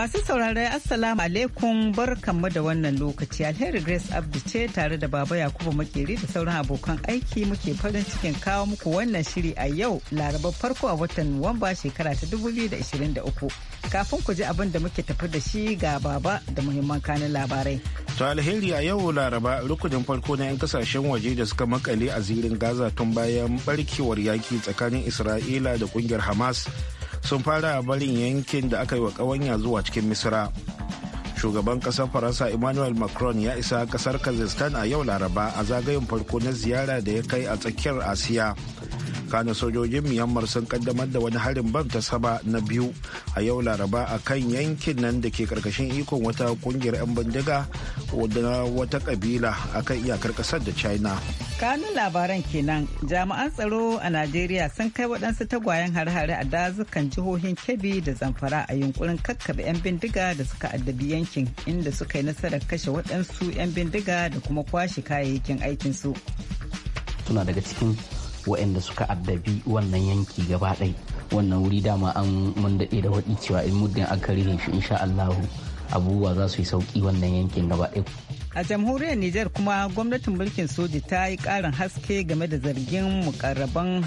Masu saurare Assalamu alaikum kamma da wannan lokaci alheri Grace Abdu ce tare da Baba Yakubu Makeri da sauran abokan aiki muke farin cikin kawo muku wannan shiri a yau Laraba farko a watan Nuwamba shekara ta 2023. Kafin ku ji abin da muke tafi da shi ga Baba da muhimman kanin labarai. to alheri a yau Laraba rukunin farko na 'yan kasashen waje da suka makale a zirin Gaza tun bayan barkewar yaki tsakanin Isra'ila da kungiyar Hamas sun fara a barin yankin da aka yi wa kawanya zuwa cikin misira shugaban kasar faransa emmanuel macron ya isa kasar kazakhstan a yau laraba a zagayen farko na ziyara da ya kai a tsakiyar asiya kana sojojin myanmar sun kaddamar da wani harin bam ta saba na biyu a yau laraba a kan yankin nan da ke karkashin ikon wata kungiyar 'yan bindiga da wata kabila a kan iyakar kasar da china kanun labaran kenan jami'an tsaro a najeriya sun kai waɗansu tagwayen har-hare a dazukan jihohin kebbi da zamfara a yunkurin kakkaɓe 'yan bindiga da suka addabi yankin inda suka yi nasarar kashe waɗansu 'yan bindiga da kuma kwashe kayayyakin aikinsu suna waɗanda suka addabi wannan yanki gaba ɗai wannan wuri dama an mun daɗe da waɗi cewa in muddin aka rihe shi insha Allahu abubuwa za su yi sauƙi wannan yankin gaba ɗai A jamhuriyar Nijar kuma gwamnatin mulkin soji ta yi karin haske game da zargin mukarraban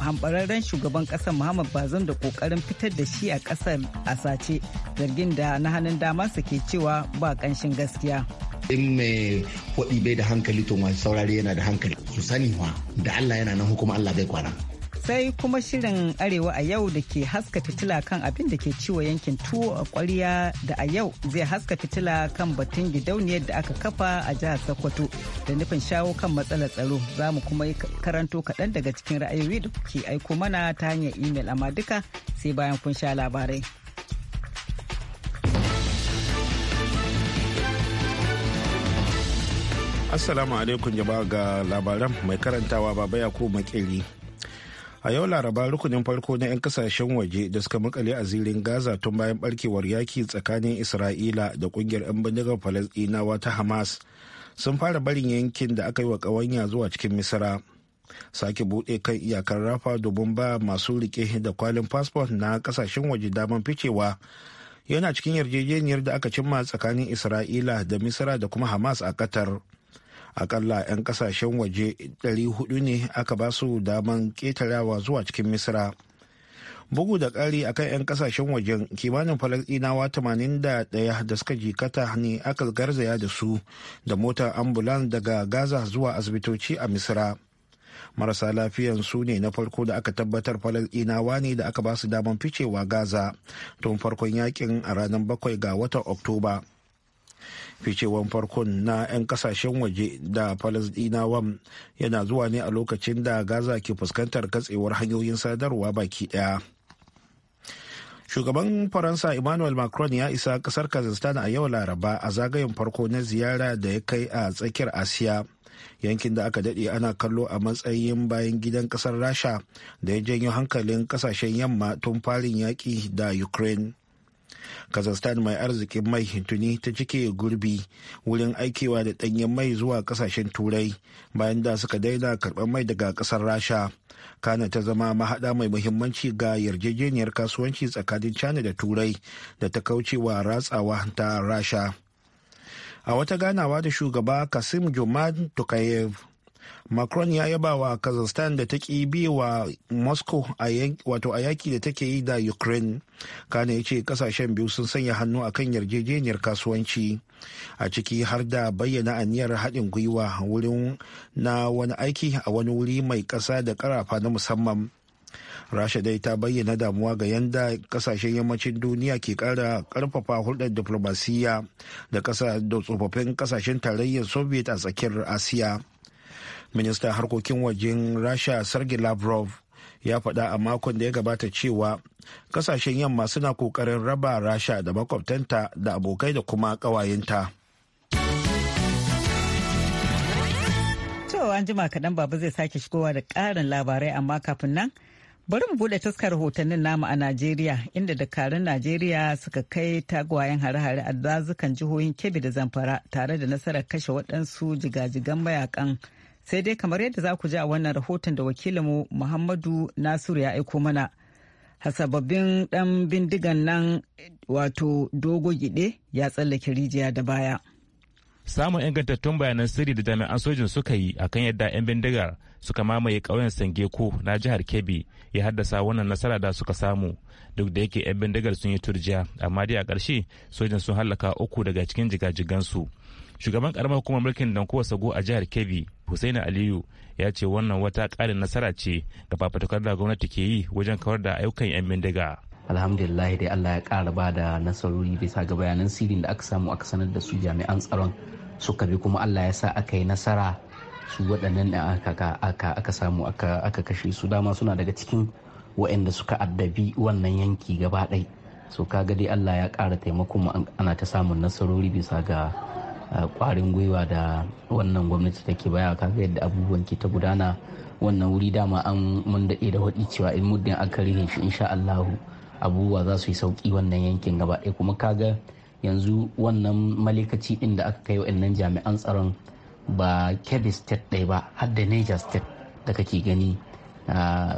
hambararren shugaban kasar Muhammad Bazum da kokarin fitar da shi a kasar a sace zargin da na hannun dama ke cewa ba kanshin gaskiya. in mai kwaɗi bai da hankali to masu saurari yana da hankali su sani wa da Allah yana nan hukuma Allah bai kwana sai kuma shirin arewa a yau da ke haska fitila kan abin da ke ciwo yankin tuwo a kwarya da a yau zai haska fitila kan batun gidauniyar da aka kafa a jihar sokoto da nufin shawo kan matsalar tsaro za mu kuma karanto kaɗan daga cikin ra'ayoyi da kuke aiko mana ta hanyar imel amma duka sai bayan kun sha labarai. Assalamu alaikum jama'a ga labaran mai karantawa baba Yakubu Makeri. a yau laraba rukunin farko na 'yan kasashen waje da suka makale a zirin gaza tun bayan barkewar yaki tsakanin isra'ila da kungiyar 'yan bindigar falasdinawa ta hamas sun fara barin yankin da aka yi wa ƙawanya zuwa cikin misira sake buɗe kan iyakar rafa domin ba masu rike da kwalin fasfon na kasashen waje daman ficewa yana cikin yarjejeniyar da aka cimma tsakanin isra'ila da misira da kuma hamas a qatar akalla 'yan kasashen waje 400 ne aka ba su daman ketarawa zuwa cikin misira bugu da ƙari akan 'yan kasashen wajen kimanin falasɗinawa 81 da suka jikata ne aka garzaya da su da motar ambulan daga gaza zuwa asibitoci a misira marasa lafiyan su ne na farko da aka tabbatar falasɗinawa ne da aka ba su daman ficewa gaza tun farkon yakin a ranar bakwai ga watan oktoba ficewan farkon na 'yan kasashen waje da falasdinawa yana zuwa ne a lokacin da gaza ke fuskantar katsewar hanyoyin sadarwa baki daya shugaban faransa emmanuel macron ya isa kasar kazakhstan a yau laraba a zagayen farko na ziyara da ya kai a tsakiyar asiya yankin da aka daɗe ana kallo a matsayin bayan gidan kasar rasha da ya janyo hankalin kasashen yamma tun farin yaƙi da ukraine kazakhstan mai arzikin mai tuni ta cike gurbi wurin aikewa da ɗanyen mai zuwa ƙasashen turai bayan da suka daina karɓar mai daga ƙasar rasha kana ta zama mahaɗa mai muhimmanci ga yarjejeniyar kasuwanci tsakanin china da turai da ta kaucewa ratsawa ta rasha a wata ganawa da shugaba kasim Juman tukayev macron ya yaba wa kazakhstan da ta ki bi wa moscow wato a yaki da take yi da ukraine kana ya ce kasashen biyu sun sanya hannu a kan yarjejeniyar kasuwanci a ciki har da bayyana aniyar haɗin gwiwa wurin na wani aiki a wani wuri mai ƙasa da ƙarafa na musamman rasha dai ta bayyana damuwa ga yadda kasashen yammacin duniya ke kara karfafa hulɗar diflomasiyya da tsofaffin kasashen tarayyar soviet a tsakiyar asiya ministan harkokin wajen rasha sergei lavrov ya faɗa a makon da ya gabata cewa kasashen yamma suna kokarin raba rasha da makwabtanta da abokai da kuma ƙawayenta. cewa an jima kaɗan babu zai sake shigowa da ƙarin labarai amma kafin nan bari mu buɗe taskar rahotannin namu a Najeriya inda dakarun Najeriya suka kai tagwayen hare-hare a dazukan jihohin Kebbi da Zamfara tare da nasarar kashe waɗansu jigajigan mayakan sai dai kamar yadda za ku ji a wannan rahoton da wakilinmu muhammadu nasiru ya aiko mana hasababbin dan bindigan nan wato dogo gide ya tsallake rijiya da baya samun ingantattun bayanan sirri da jami'an sojin suka yi akan yadda 'yan bindigar suka mamaye ƙauyen sangeko na jihar kebbi ya haddasa wannan nasara da suka samu duk da yake 'yan bindigar sun yi turjiya amma dai a ƙarshe sojin sun hallaka uku daga cikin jigajigansu shugaban karamar hukumar mulkin danko sago a jihar kebbi Hussein Aliyu ya ce wannan wata ƙarin nasara ce ga fafatukar da gwamnati ke yi wajen kawar da ayyukan 'yan bindiga. Alhamdulillah dai Allah ya kara ba da nasarori bisa ga bayanan sirrin da aka samu aka sanar da su jami'an tsaron suka bi kuma Allah ya sa aka yi nasara su waɗannan da aka samu aka kashe su dama suna daga cikin waɗanda suka addabi wannan yanki gaba ɗai so kaga dai Allah ya ƙara taimakon ana ta samun nasarori bisa ga kwarin gwiwa da wannan gwamnati take baya kaga yadda abubuwan ke ta gudana wannan wuri dama an mun daɗe da waɗi cewa in muddin aka rihe shi insha Allahu abubuwa za su yi sauki wannan yankin gaba ɗaya kuma kaga yanzu wannan malikaci ɗin da aka kai wa'annan jami'an tsaron ba kebbi state ɗaya ba har da niger state da kake gani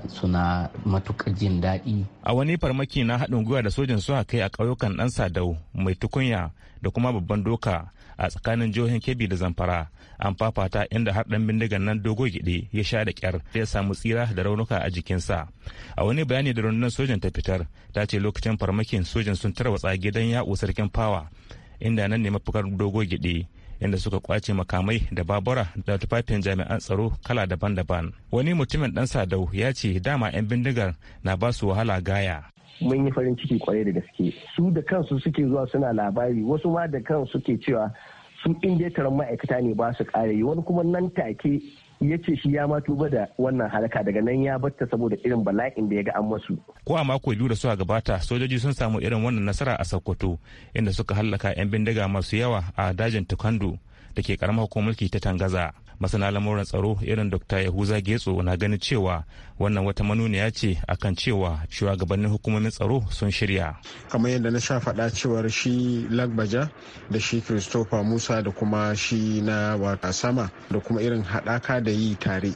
suna matuƙar jin daɗi. A wani farmaki na haɗin gwiwa da sojin su kai a ƙauyukan ɗan sadau mai tukunya da kuma babban doka a tsakanin jihohin Kebbi da Zamfara an fafata inda har ɗan bindigan nan dogo gide ya sha da ƙyar ya samu tsira da raunuka a jikinsa. A wani bayani da rundunar sojan ta fitar ta ce lokacin farmakin sojan sun tarwatsa gidan yaƙo sarkin fawa inda nan ne mafukar dogo gide inda suka kwace makamai da babura da tufafin jami'an tsaro kala daban-daban wani mutumin dan sadau ya ce dama 'yan bindigar na ba su wahala gaya mun yi farin ciki kwarai da gaske su da kansu suke zuwa suna labari wasu ma da kansu suke cewa sun inda ma'aikata ne ba su kare wani kuma nan take ya ce shi ya ma tuba da wannan halaka daga nan ya batta saboda irin bala'in da ya ga an masu. Ko a mako biyu da suka gabata sojoji sun samu irin wannan nasara a Sokoto inda suka hallaka 'yan bindiga masu yawa a dajin Tukandu da ke karamar hukumar mulki ta Tangaza. masana lamuran tsaro irin dr yahuza getso na ganin cewa wannan wata manuniya ce akan cewa shugabannin hukumomin tsaro sun shirya kamar yadda na sha faɗa cewar shi lagbaja da shi christopher musa da kuma shi na wata sama da kuma irin haɗaka da yi tare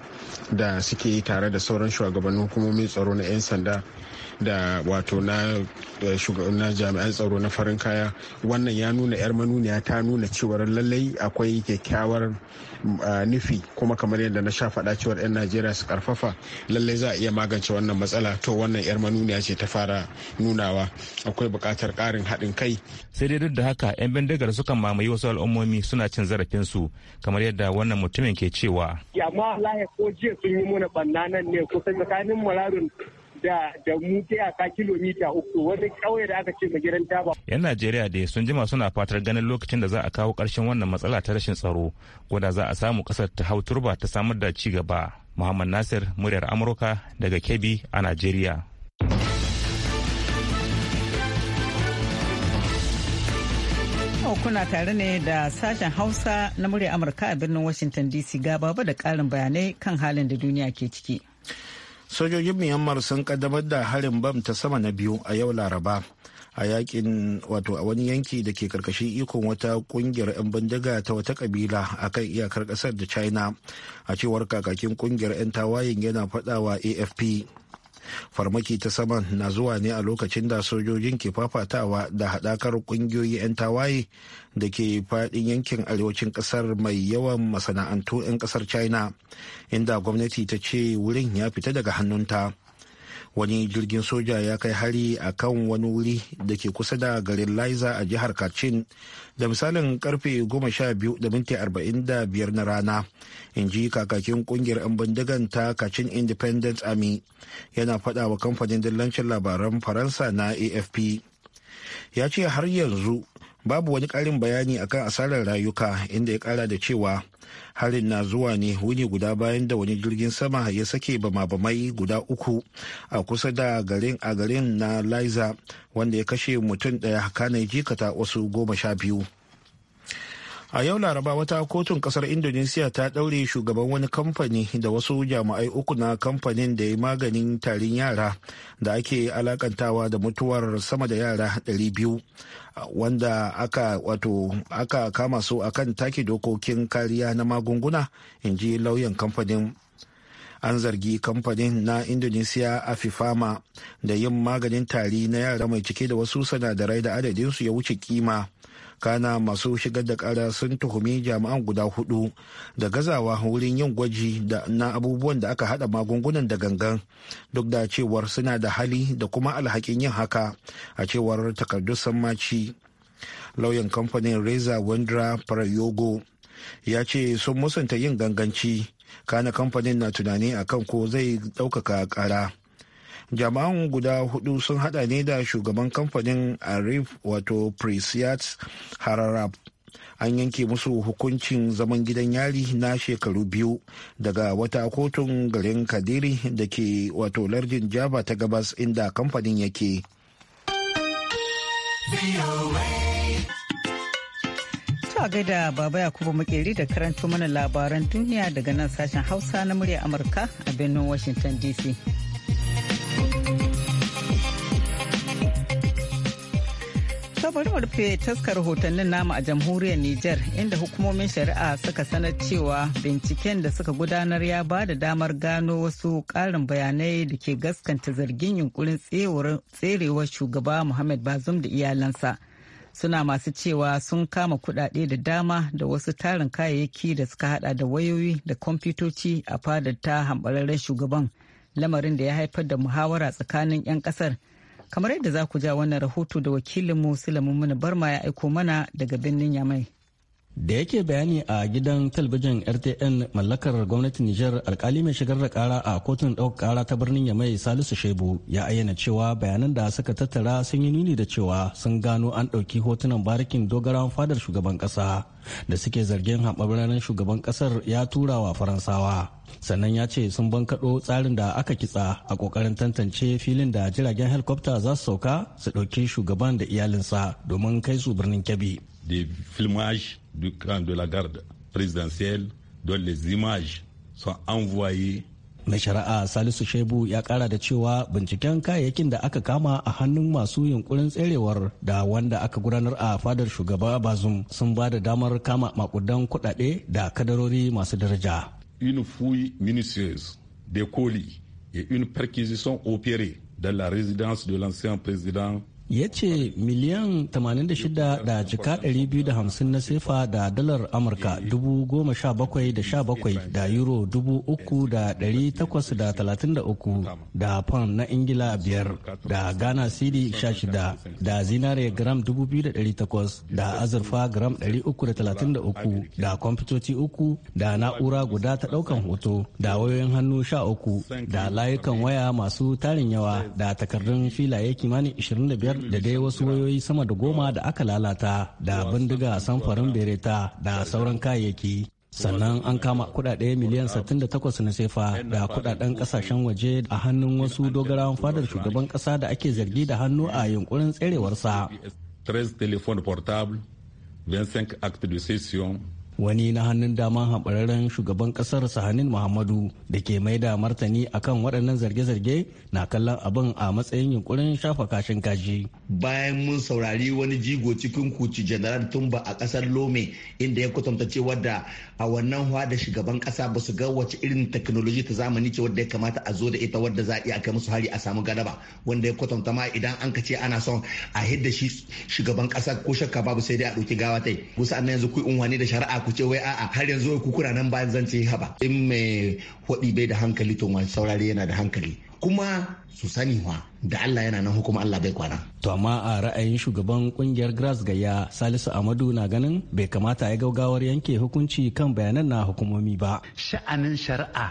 da suke yi tare da sauran shugabannin hukumomin tsaro na 'yan sanda da wato na eh, shugabannin jami'an tsaro na farin kaya wannan ya nuna 'yar manuniya ta nuna cewar lallai akwai kyakkyawar eh, nufi kuma kamar yadda na sha faɗa cewar 'yan najeriya su karfafa lallai za a iya magance wannan matsala to wannan 'yar manuniya ce ta fara nunawa akwai buƙatar ƙarin haɗin kai sai dai duk da haka 'yan bindigar sukan mamaye wasu al'ummomi suna cin zarafin su kamar yadda wannan mutumin ke cewa amma ko jiya sun yi mana bannanan ne kusan tsakanin murarin da da mu iyaka kilomita uku wani ƙauye da aka ce gidan taba. Yan Najeriya dai sun jima suna fatar ganin lokacin da za a kawo ƙarshen wannan matsala ta rashin tsaro ko za a samu ƙasar ta hau turba ta samar da ci gaba. Muhammad Nasir muryar Amurka daga Kebbi a Najeriya. kuna tare ne da sashen hausa na murya amurka a birnin washington dc ga baba da karin bayanai kan halin da duniya ke ciki sojojin myanmar sun kaddamar da harin bam ta sama na biyu a yau laraba a yakin wato a wani yanki da ke karkashin ikon wata kungiyar 'yan bindiga ta wata kabila a kan iyakar kasar da china a cewar kakakin kungiyar 'yan tawayen yana fadawa afp farmaki ta saman na zuwa ne a lokacin da sojojin ke fafatawa da haɗakar ƙungiyoyi 'yan tawaye da ke faɗin yankin arewacin ƙasar mai yawan masana'antu 'yan ƙasar china inda gwamnati ta ce wurin ya fita daga hannunta wani jirgin soja ya kai hari a kan wani wuri da ke kusa da garin laiza a jihar kachin da misalin karfe 12.45 na rana in ji kakakin kungiyar 'yan bindigan ta kacin independent army yana fada wa kamfanin dillancin labaran faransa na afp ya ce har yanzu babu wani karin bayani akan asarar rayuka inda ya kara da cewa harin na zuwa ne wuni guda bayan da wani jirgin sama ya sake bama-bamai guda uku a kusa da garin a garin na liza wanda ya kashe mutum ɗaya kana jikata wasu goma sha biyu a yau laraba wata kotun kasar indonesiya ta ɗaure shugaban wani kamfani da wasu jami'ai uku na kamfanin da ya maganin tarin yara da ake alakantawa da mutuwar sama da yara 200 wanda aka wato aka kama su akan take dokokin kariya na magunguna in ji lauyan kamfanin an zargi kamfanin na indonesia afifama da yin maganin tari na yara mai cike da wasu sinadarai da adadinsu ya wuce kima kana masu shigar da kara sun tuhumi jami'an guda hudu da gazawa wurin yin gwaji da na abubuwan da aka hada magungunan da gangan duk da cewar suna da hali da kuma alhakin yin haka a cewar takardu sammaci lauyan kamfanin reza wendra prayogo ya ce sun musanta yin ganganci kana kamfanin na tunani akan ko zai ɗaukaka ƙara jama'an guda hudu sun hada ne da shugaban kamfanin arif wato prisiyat hararab an yanke musu hukuncin zaman gidan yari na shekaru biyu daga wata kotun garin kadiri da ke wato lardin java ta gabas inda kamfanin yake. a gaida Baba Yakubu Makeri da karanto mana labaran duniya daga nan sashen Hausa na murya Amurka a birnin Washington DC. bari mu rufe taskar hotonnin namu a jamhuriyar niger inda hukumomin shari'a suka sanar cewa binciken da suka gudanar ya ba da damar gano wasu ƙarin bayanai da ke gaskanta zargin yunkurin tserewar shugaba Muhammad Bazum da iyalansa. suna masu cewa sun kama kudade da dama da wasu tarin kayayyaki da suka hada da wayoyi da kwamfutoci a fadar ta hambararren shugaban lamarin da ya haifar da muhawara tsakanin 'yan kasar kamar yadda za ku ja wannan rahoto da wakilinmu sulamun mana barma ya aiko mana daga birnin yamai da yake bayani a gidan talabijin rtn mallakar gwamnatin niger alkali mai shigar da kara a kotun ɗauka kara ta birnin yamai salisu shebu ya ayyana cewa bayanan da suka tattara sun yi nuni da cewa sun gano an ɗauki hotunan barikin dogaran fadar shugaban ƙasa da suke zargin haɓararren shugaban ƙasar ya tura wa faransawa sannan ya ce sun bankaɗo tsarin da aka kitsa a ƙoƙarin tantance filin da jiragen helikwafta za su sauka su ɗauki shugaban da iyalinsa domin kai su birnin kebbi. The filmage du camp de la garde présidentielle dont les images sont envoyées mai shari'a salisu shebu ya kara da cewa binciken kayayyakin da aka kama a hannun masu yunkurin tserewar da wanda aka gudanar a fadar shugaba bazum sun ba da damar kama makudan kudade da kadarori masu daraja une fouille minutieuse des colis et une perquisition opérée dans la résidence de l'ancien président ya ce miliyan 86 da jika 250 na sefa da dalar amurka 17,17 da euro 3,833 da pound na ingila 5 da ghana cedi 16 da zinare gram 2,800 da azurfa gram 333 da kwamfutoci 3 da na'ura guda ta daukan hoto da wayoyin hannu 13 da layukan waya masu tarin yawa da takardun filaye kimanin 25 da dai wasu wayoyi sama da goma da aka lalata da bindiga samfarin bereta da sauran kayayyaki sannan an kama kudade miliyan 68 na sefa da kudaden kasashen waje a hannun wasu dogarawan fadar shugaban kasa da ake zargi da hannu a yunkurin tserewarsa 13 téléphones portables, 25 actes de session, wani na hannun daman haɓararren shugaban ƙasar sahanin muhammadu da ke mai da martani akan waɗannan zarge-zarge na kallon abin a matsayin yunkurin shafa kashin kaji bayan mun saurari wani jigo cikin kuci janaral tumba a ƙasar lome inda ya kwatanta cewa da a wannan da shugaban ƙasa ba su ga wace irin teknoloji ta zamani ce wadda ya kamata a zo da ita wadda za a iya kai musu hari a samu galaba wanda ya kwatanta ma idan an ka ce ana son a hidda shi shugaban ƙasa ko shakka babu sai dai a ɗauki gawa tai annan yanzu ku unwani da shari'a ku ce wai a'a har yanzu ku kura nan bayan zance haba in mai hodi bai da hankali to mai saurari yana da hankali kuma su sani wa da Allah yana nan hukuma Allah bai kwana. To amma a ra'ayin shugaban kungiyar Grass ya Salisu Amadu na ganin bai kamata ya gaugawar yanke hukunci kan bayanan na hukumomi ba. Sha'anin shari'a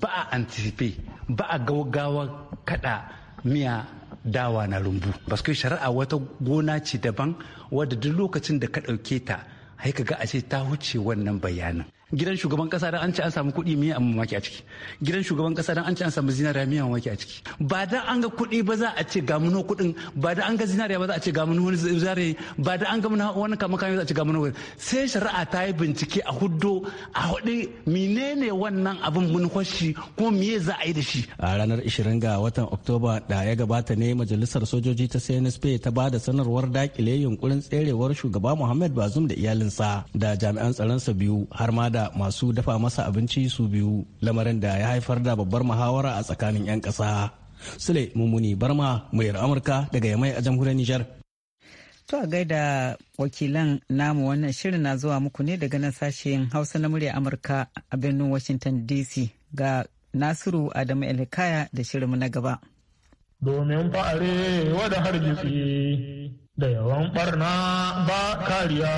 ba a anticipate ba a gaugawar kada miya dawa na rumbu. Basu shari'a wata gona ce daban wadda duk lokacin da ka ɗauke ta haika ga ashe ta wuce wannan bayanin gidan shugaban kasa dan an ci an samu kuɗi miya amma maki a ciki gidan shugaban kasa dan an ci an samu zinariya miya maki a ciki ba da an ga kuɗi ba za a ce ga muno kuɗin ba da an ga zinariya ba za a ce ga muno wani zinariya ba da an ga muno wani kama kama za a ce ga muno sai shari'a ta yi bincike a huddo a hudu menene wannan abin mun kwashi ko miye za a yi da shi a ranar 20 ga watan oktoba da ya gabata ne majalisar sojoji ta CNSP ta ba da sanarwar dakile yunkurin tserewar shugaba Muhammad Bazum da iyalinsa da jami'an tsaron sa biyu har ma da masu dafa masa abinci su biyu lamarin da ya haifar da babbar muhawara a tsakanin 'yan ƙasa. Sule Mummuni Barma, mayar Amurka daga Yamai a jamhuriyar Nijar. To a gaida wakilan namu wannan shirin na zuwa muku ne daga nan sashen Hausa na muryar Amurka a birnin Washington DC ga Nasiru Adamu Elkaya da shirinmu na gaba. Domin fa'are wada hargitsi da yawan barna ba kariya.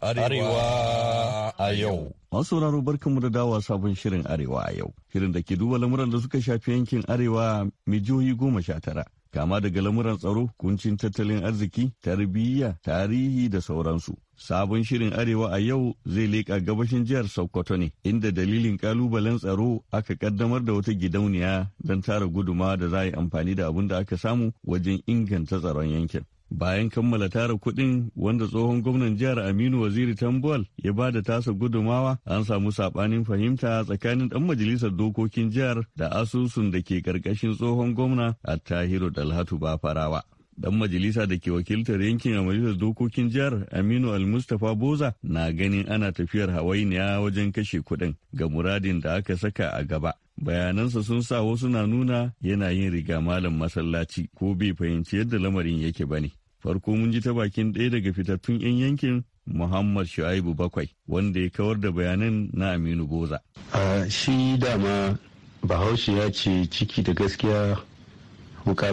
Arewa a yau. Masu sauraro barkanmu da dawa sabon shirin Arewa a yau. Shirin da ke duba lamuran da suka shafi yankin Arewa mai jihohi goma sha tara. Kama daga lamuran tsaro, kuncin tattalin arziki, tarbiyya, tarihi da sauransu. Sabon shirin Arewa a yau zai leƙa gabashin jihar Sokoto ne, inda dalilin ƙalubalen tsaro aka ƙaddamar da wata gidauniya don tara guduma da za a yi amfani da abin da aka samu wajen inganta tsaron yankin. bayan kammala tara kuɗin wanda tsohon gwamnan jihar aminu waziri tambuwal ya ba da tasa gudumawa an samu saɓanin fahimta tsakanin ɗan majalisar dokokin jihar da asusun da ke ƙarƙashin tsohon gwamna attahiru dalhatu ba farawa Dan majalisa da ke wakiltar yankin a majalisar dokokin jihar Aminu Almustapha Boza na ganin ana tafiyar hawainiya wajen kashe kuɗin ga muradin da aka saka a gaba. Bayanansa sun sa wasu na nuna yana yin riga malam masallaci ko bai fahimci yadda lamarin yake ba ne. Farko mun ji ta bakin ɗaya daga fitattun 'yan yankin Muhammad Shu'aibu Bakwai wanda ya kawar da bayanan na Aminu Boza. a shi dama Bahaushe ya ce ciki da gaskiya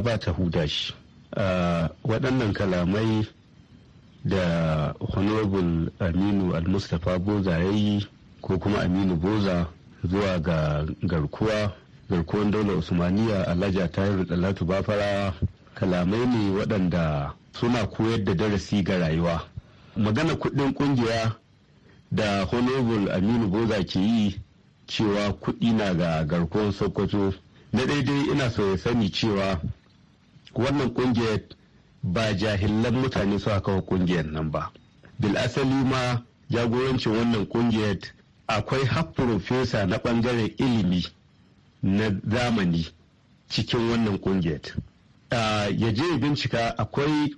ba ta huda shi. waɗannan kalamai da honorable aminu al-mustapha boza ya yi ko kuma aminu boza zuwa ga garkuwa garkuwan daular usmaniya alhaji tahiru dalatu bafara kalamai ne waɗanda suna koyar da darasi ga rayuwa magana Kudin Kungiya da honorable aminu boza ke yi cewa kudi na ga garkuwan sokoto na daidai ina so ya sani cewa wannan kungiyar ba jahilan mutane suka kawo kungiyar nan ba bil asali ma jagorancin wannan kungiyar akwai har profesa na bangaren ilimi na zamani cikin wannan kungiyar ya je bincika akwai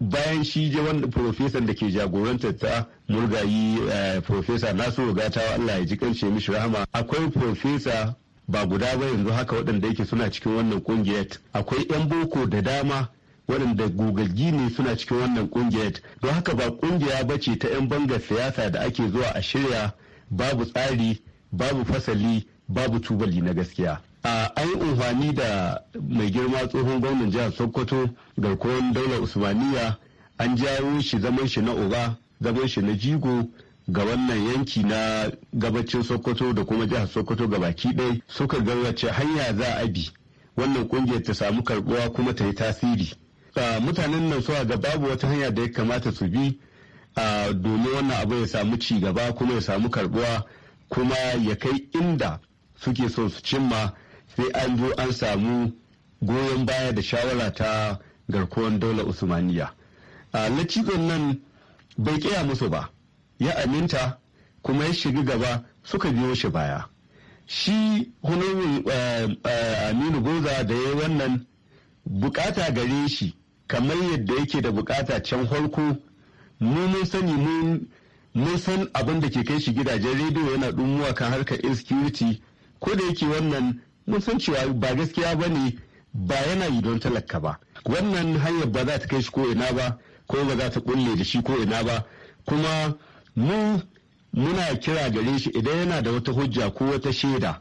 bayan shi je wanda profesan da ke jagorantar ta murgayi eh, profesa nasiru gatawa allah ya ji kance mishi rahama akwai profesa ba guda ba yanzu haka waɗanda yake suna cikin wannan kungiyar akwai 'yan boko da dama waɗanda gogaggi ne suna cikin wannan ƙungiyar. don haka ba ƙungiya ba ce ta 'yan bangar siyasa da ake zuwa a shirya babu tsari babu fasali babu tubali na gaskiya a an yi umfani da mai girma tsohon gwamnan jihar sokoto garkuwar daular usmaniya an jawo shi zaman shi na uba zaman shi na jigo ga wannan yanki na gabacin sokoto da kuma jihar sokoto ga baki ɗaya suka gargace hanya za a bi wannan kungiyar ta samu karbuwa kuma ta yi tasiri mutanen nan suwa ga babu wata hanya da ya kamata su bi domin wannan abu ya samu ci gaba kuma ya samu karbuwa kuma ya kai inda suke so su cimma sai an zo an samu goyon baya da shawara ta garkuwar daular usmaniya lacizon nan bai kaya musu ba ya aminta kuma ya shiga gaba suka biyo shi baya shi hunumin eh, eh, aminu goza da ya wannan bukata gare shi kamar yadda yake da bukata can harko mu mun sani mun san abin da ke kai shi gidajen rediyo yana dumuwa kan harkar insecurity ko da yake wannan mun san cewa ba gaskiya ba ne ba yana yi don talaka ba wannan hanyar ba za ta kai shi ko ina ba ko ba za ta kulle da shi ko ina ba kuma mu muna kira gare shi idan yana da wata hujja ko wata shaida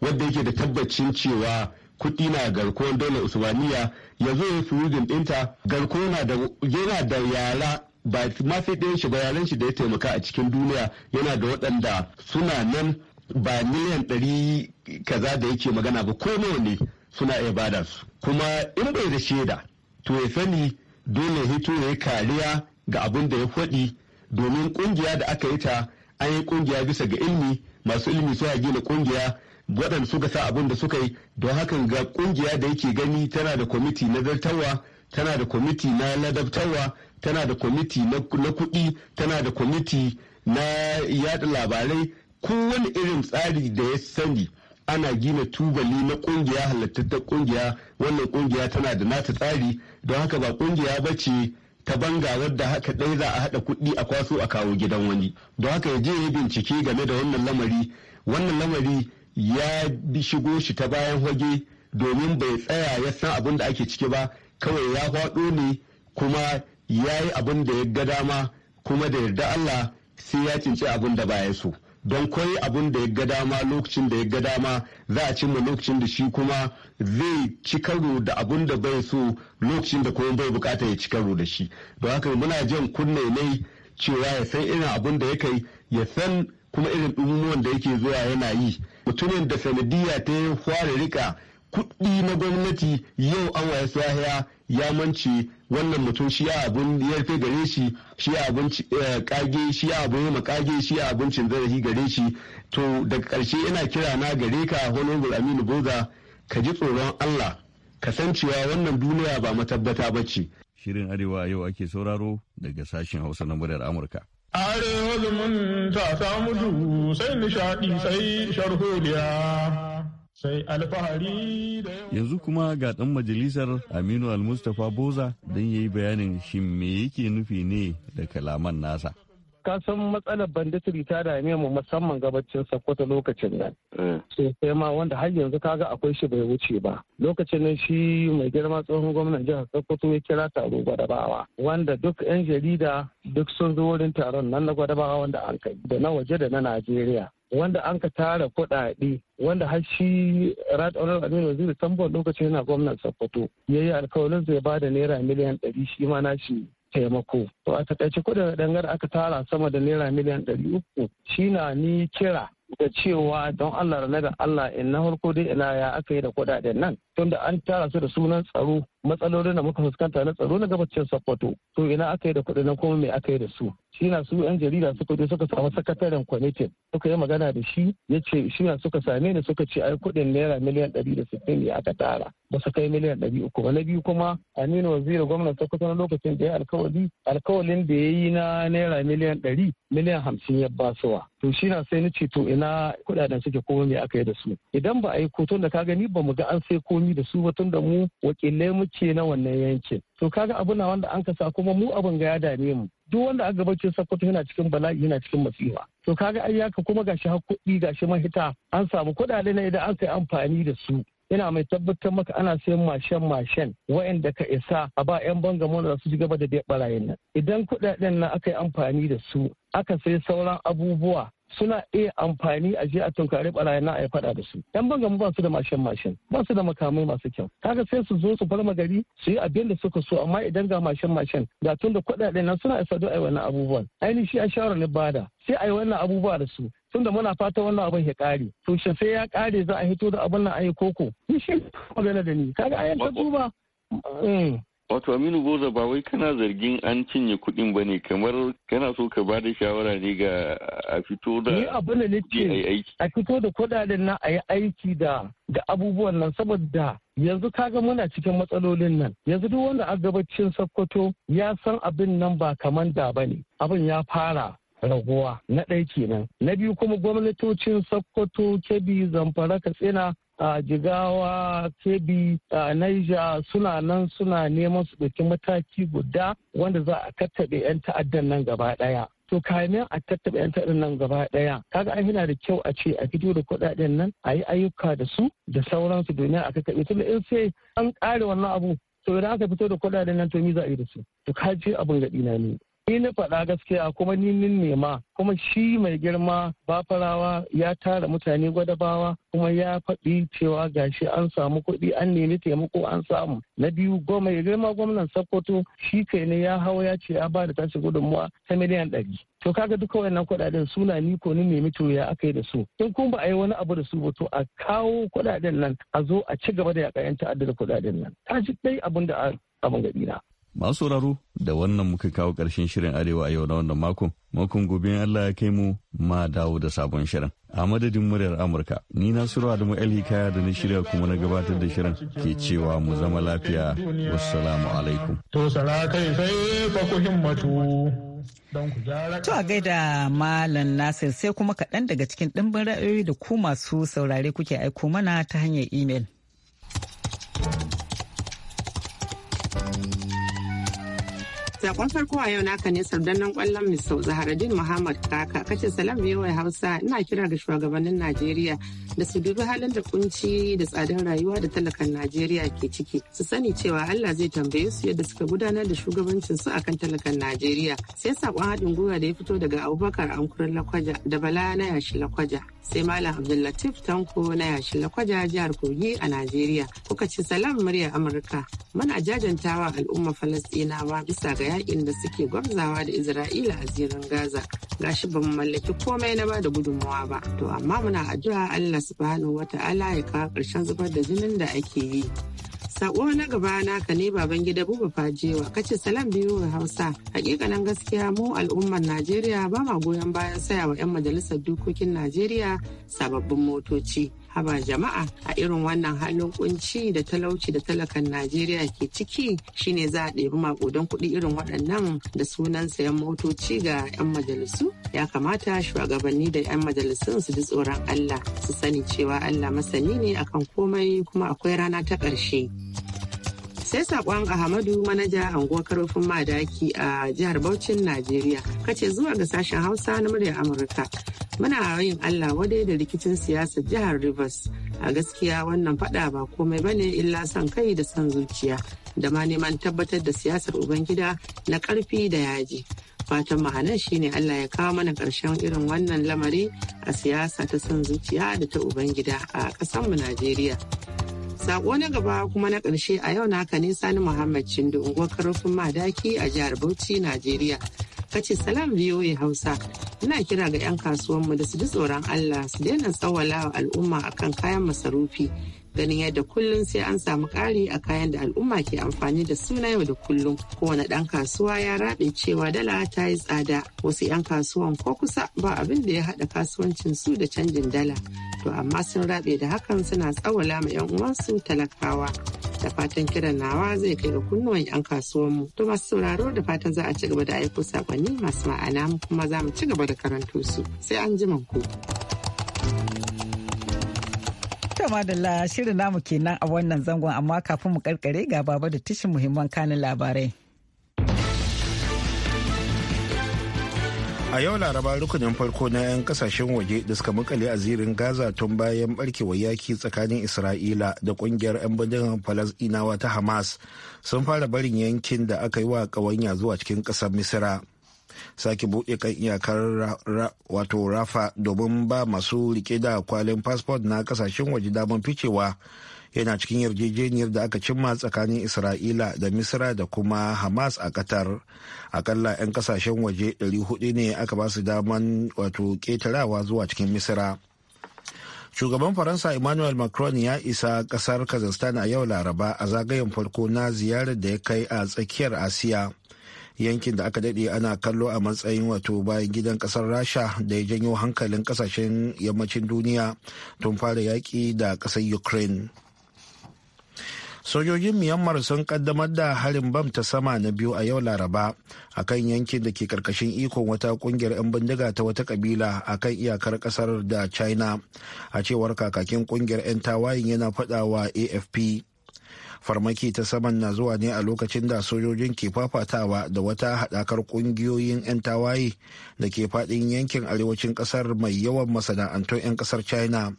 wadda yake da tabbacin cewa kuɗi na garkuwar dole usmaniya ya zo ya furudin ɗinta garkuwa yana da yara ba ma sai ɗayan shi yaran shi da ya taimaka a cikin duniya yana da waɗanda suna nan ba miliyan ɗari kaza da yake magana ba ko ne suna iya bada su kuma in bai da shaida to ya sani dole hito ya yi kariya ga abin da ya faɗi domin kungiya da aka yi ta an yi kungiya bisa ga ilmi masu ilmi sai gina kungiya waɗanda suka sa abin da suka yi don hakan ga kungiya da yake gani tana da kwamiti na zartarwa tana da kwamiti na ladabtarwa tana da kwamiti na kuɗi tana da kwamiti na yada labarai kowane irin tsari da ya sani ana gina tubali na kungiya halattattun kungiya wannan kungiya tana da nata tsari don haka ba kungiya ba ce ta banga wadda haka ɗaya za a haɗa kuɗi a kwaso a kawo gidan wani don haka ya je ya bincike game da wannan lamari wannan lamari ya shigo shi ta bayan hage domin bai tsaya ya san abin da ake ciki ba kawai ya faɗo ne kuma ya yi abin da ya ga dama kuma da yarda Allah sai ya cinci abin da baya so don kwai abin da ya ga dama lokacin da ya ga dama za a cimma lokacin da shi kuma zai ci karo da abin da bai so lokacin da kuma bai bukata ya ci karo da shi don haka muna jan kunne ne cewa ya san irin abin da ya kai ya san kuma irin ɗumumuwan da yake zuwa yana yi mutumin da sanadiyya ta fara rika kuɗi na gwamnati yau an waye ya mance wannan mutum shi ya abin ya fi gare shi shi ya abin eh, kage shi ya abin yi kage shi ya cin zarafi gare shi to daga karshe ina kira na gare ka honorable aminu boza ka ji tsoron allah ka san cewa wannan duniya ba matabbata ba ce. shirin arewa yau ake sauraro daga sashen hausa na muryar amurka. arewa zumunta ta mudu sai nishaɗi sai sharholiya sai alfahari da yanzu kuma ga dan majalisar aminu almustafa boza don ya yi bayanin shi me yake nufi ne da kalaman nasa ka san matsalar banditiri ta dame mu musamman gabacin Sakkwata lokacin nan mm. so sai ma wanda har yanzu kaga akwai shi bai wuce ba lokacin nan shi mai girma tsohon gwamnan jihar sakkwato ya kira taro gwadabawa wanda duk yan jarida duk sun zo wurin taron nan na gwadabawa wanda an kai da na waje da na najeriya wanda an ka tara kuɗaɗe wanda har shi rat onar aminu waziri tambon lokacin yana gwamnan sokoto ya yi alkawalin zai ba da naira miliyan ɗari shi ma nashi taimako to a takaice kuɗin dangar aka tara sama da naira miliyan ɗari uku shi na ni kira da cewa don Allah na da Allah in na farko dai ina ya aka yi da kuɗaɗen nan tunda an tara su da sunan tsaro matsalolin da muka fuskanta na tsaro na gabacin Sokoto to ina aka yi da kuɗi na kuma me aka yi da su shi na su yan jarida suka je suka samu sakataren kwamitin suka yi magana da shi ya ce shi na suka same ni suka ce ai kuɗin naira miliyan ɗari da sittin ne aka tara ba su kai miliyan ɗari uku ba na biyu kuma Aminu Waziri gwamnan Sokoto na lokacin da ya alkawari alkawalin da ya yi na naira miliyan ɗari miliyan hamsin ya basuwa to shi na sai ni ce to ina kuɗaɗen suke kuma me aka yi da su idan ba a yi ko tun da ka gani ba mu ga an sai komi da su ba tun da mu wakilai mu ce na wannan yankin to kaga abu na wanda an kasa kuma mu abin ga ya dame mu duk wanda aka gabace sakkwato yana cikin bala'i yana cikin masifa to kaga ayyaka kuma gashi har kuɗi gashi mahita an samu kuɗaɗe na idan an kai amfani da su Ina mai tabbatar maka ana sayan mashen mashen wa'anda ka isa a ba 'yan banga da su ji gaba da barayin nan idan kuɗaɗen na aka yi amfani da su aka sai sauran abubuwa suna iya amfani a je a tunkari barayi na a faɗa da su yan bangamu ba su da mashin mashin ba su da makamai masu kyau kaga sai su zo su farma gari su yi abin da suka so amma idan ga mashin mashin da tun da kuɗaɗen nan suna isa don a yi wannan abubuwan ainihi a shawarar ni bada sai a yi wannan abubuwa da su tunda muna fata wannan abin ya kare to shi sai ya kare za a hito da abin nan a yi koko ni shi magana da ni kaga a yanka duba mm. Wato Aminu Boza ba wai kana zargin an cinye kuɗin ba ne kamar kana so ka ba da shawara ne ga a fito da Ni abin da nake a fito da kuɗaɗen na a yi aiki da abubuwan nan saboda yanzu kaga muna cikin matsalolin nan yanzu duk wanda a gabacin Sokoto ya san abin nan ba kaman da ne. abin ya fara raguwa na ɗaya kenan na biyu kuma gwamnatocin sokoto kebbi zamfara katsina jigawa kebi naija suna nan suna neman su ɗauki mataki guda wanda za a tattaɓe 'yan ta'addan nan gaba ɗaya to kamin a tattaɓa 'yan ta'addan nan gaba ɗaya kaga an yana da kyau a ce a fito da kuɗaɗen nan a yi ayyuka da su da sauransu domin a kakaɓe tunda in sai an ƙare wannan abu to idan aka fito da kuɗaɗen nan to mi za a yi da su to ka abin gaɗi na ne ni na faɗa gaskiya kuma ni nin nema kuma shi mai girma bafarawa ya tara mutane gwadabawa kuma ya faɗi cewa gashi an samu kuɗi an nemi taimako an samu na biyu goma ya girma gwamnan sokoto shi kai ne ya hawa ya ce ya ba da tashi gudunmuwa ta miliyan ɗari to kaga duka wayannan kuɗaɗen suna ni ko ni nemi to ya aka yi da su in kun ba a yi wani abu da su ba to a kawo kuɗaɗen nan a zo a ci gaba da yaƙa 'yan ta'adda kuɗaɗen nan ta ji ɗai abin da abin gaɗi na. Masu sauraro da wannan muka kawo ƙarshen shirin Arewa a yau na wannan makon. Makon gobe Allah ya kai mu ma dawo da sabon shirin. A madadin muryar Amurka, ni na suru Adamu El da na shirya kuma na gabatar da shirin ke cewa mu zama lafiya. Wassalamu alaikum. To sara kai sai ku himmatu. To a gaida Malam Nasir sai kuma kaɗan daga cikin ɗimbin ra'ayoyi da ku masu saurare kuke aiko mana ta hanyar imel. Sakon farko a yau naka ne sardanin kwallon Misau zaharadin Muhammad Kaka kace salam yawai Hausa ina kira ga shugabannin Najeriya da su dubi halin da kunci da tsadar rayuwa da talakan Najeriya ke ciki su sani cewa Allah zai tambaye su yadda suka gudanar da shugabancin su akan talakan Najeriya sai sakon haɗin gwiwa da ya fito daga Abubakar Ankurin Lakwaja da Bala na yashi Lakwaja. sai Malam Abdullatif Tanko na yashin lakwaja jihar Kogi a Najeriya. Kuka ci salam murya Amurka. Muna jajantawa al'umma Falasɗinawa bisa ga yakin da suke gwamzawa da Isra'ila a zirin Gaza. Gashi ba mu mallaki komai na ba da gudunmawa ba. To amma muna addu'a Allah subhanahu ta'ala ya kawo ƙarshen zubar da jinin da ake yi. Sako na gaba na ka ne baban gida buba fajewa kace salam biyu ga Hausa. Hakikanin gaskiya mu al'ummar Najeriya ba ma goyon bayan saya wa 'yan majalisar dokokin Najeriya sababbin motoci. haba jama'a a irin wannan halin kunci da talauci da talakan najeriya ke ciki shine za a ɗebi makudan kuɗi irin waɗannan da sunan sayan motoci ga 'yan majalisu ya kamata shugabanni da 'yan majalisun su ji tsoron allah su sani cewa allah masani ne akan komai kuma akwai rana ta ƙarshe sai sakon ahmadu manaja unguwar karfin madaki a jihar Bauchin Najeriya kace zuwa ga sashen Hausa na muryar Amurka muna yin allah wadai da rikicin siyasar jihar rivers a gaskiya wannan fada ba komai bane illa son kai da son zuciya da ma neman tabbatar da siyasar ubangida na karfi da yaji fatan ma'anar shine allah ya kawo mana ƙarshen irin wannan lamari a siyasa ta son zuciya da ta ubangida a mu najeriya Sako na gaba kuma na ƙarshe a yau naka ne Sani Muhammad Chindo unguwar karofin madaki a jihar Bauchi, Najeriya. ka ce salam VOA Hausa. Ina kira ga 'yan kasuwanmu da su ji tsoron Allah su daina tsawala wa al'umma akan kayan masarufi ganin yadda kullum sai an samu ƙari a kayan da al'umma ke amfani da suna yau da kullum kowane ɗan kasuwa ya raɗe cewa dala ta yi tsada wasu 'yan kasuwan ko kusa ba abin da ya haɗa kasuwancin su da canjin dala to amma sun raɓe da hakan suna tsawala ma 'yan uwansu talakawa da fatan kiran nawa zai kai da kunnuwan 'yan kasuwanmu to masu sauraro da fatan za a ci gaba da aiko sakonni masu ma'ana kuma za mu ci gaba da karanto su sai an ji ku. madalla shirin namu kenan a wannan zangon amma kafin mu karkare ga baba da tishin muhimman kanin labarai. a yau laraba rukunin farko na 'yan kasashen waje da suka makale a zirin gaza tun bayan barkewar yaki tsakanin isra'ila da kungiyar 'yan bindigan falasdinawa ta hamas sun fara barin yankin da aka yi wa kawanya zuwa cikin kasar misira sake buɗe kan iyakar wato rafa domin ba masu rike da kwalin fasfot na kasashen waje damar ficewa yana cikin yarjejeniyar da aka cimma tsakanin isra'ila da misra da kuma hamas a qatar akalla 'yan kasashen waje 400 ne aka ba su daman wato ketarawa zuwa cikin misra shugaban faransa emmanuel macron ya isa kasar kazakhstan a yau laraba a zagayen farko na ziyarar da ya kai a tsakiyar asiya yankin da aka daɗe ana kallo a matsayin wato bayan gidan ƙasar rasha da ya janyo hankalin ƙasashen yammacin duniya tun fara yaƙi da ƙasar ukraine sojojin myanmar sun kaddamar da harin bam ta sama na biyu a yau laraba a kan yankin da ke karkashin ikon wata kungiyar 'yan bindiga ta wata kabila a kan iyakar kasar da china a cewar kakakin kungiyar 'yan tawayin yana fadawa afp farmaki ta saman na zuwa ne a lokacin da sojojin ke fafatawa da wata haɗakar ƙungiyoyin 'yan tawaye da ke faɗin yankin arewacin ƙasar mai yawan masana'antun 'yan ƙasar china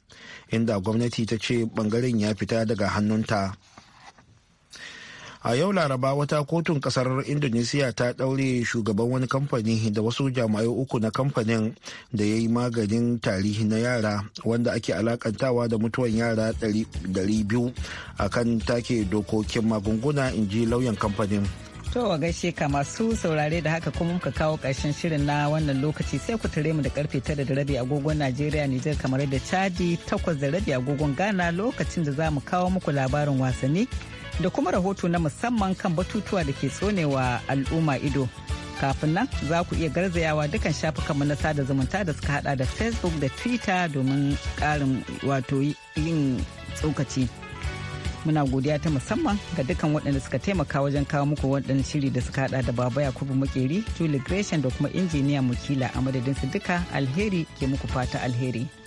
inda gwamnati ta ce ɓangaren ya fita daga hannunta. a yau laraba wata kotun kasar indonesia ta ɗaure shugaban wani kamfani da wasu jama'ai uku na kamfanin da ya yi maganin tarihi na yara wanda ake alakantawa da mutuwan yara 200 a kan take dokokin magunguna in ji lauyan kamfanin To a gaishe ka masu saurare da haka kuma muka kawo karshen shirin na wannan lokaci sai ku tare mu da karfe tara da rabi agogon Najeriya Nijar kamar da Chadi takwas da rabi agogon Ghana lokacin da za mu kawo muku labarin wasanni da kuma rahoto na musamman kan batutuwa da ke tsonewa al'umma ido. Kafin nan za ku iya garzayawa dukkan shafukanmu na sada zumunta da suka hada da Facebook da Twitter domin karin wato yin tsokaci. Muna godiya ta musamman ga dukan waɗanda suka taimaka wajen kawo muku waɗannan shiri da suka hada da Baba Yakubu Makeri, Julie Gresham da kuma injiniya Mukila a madadinsu duka alheri ke muku fata alheri.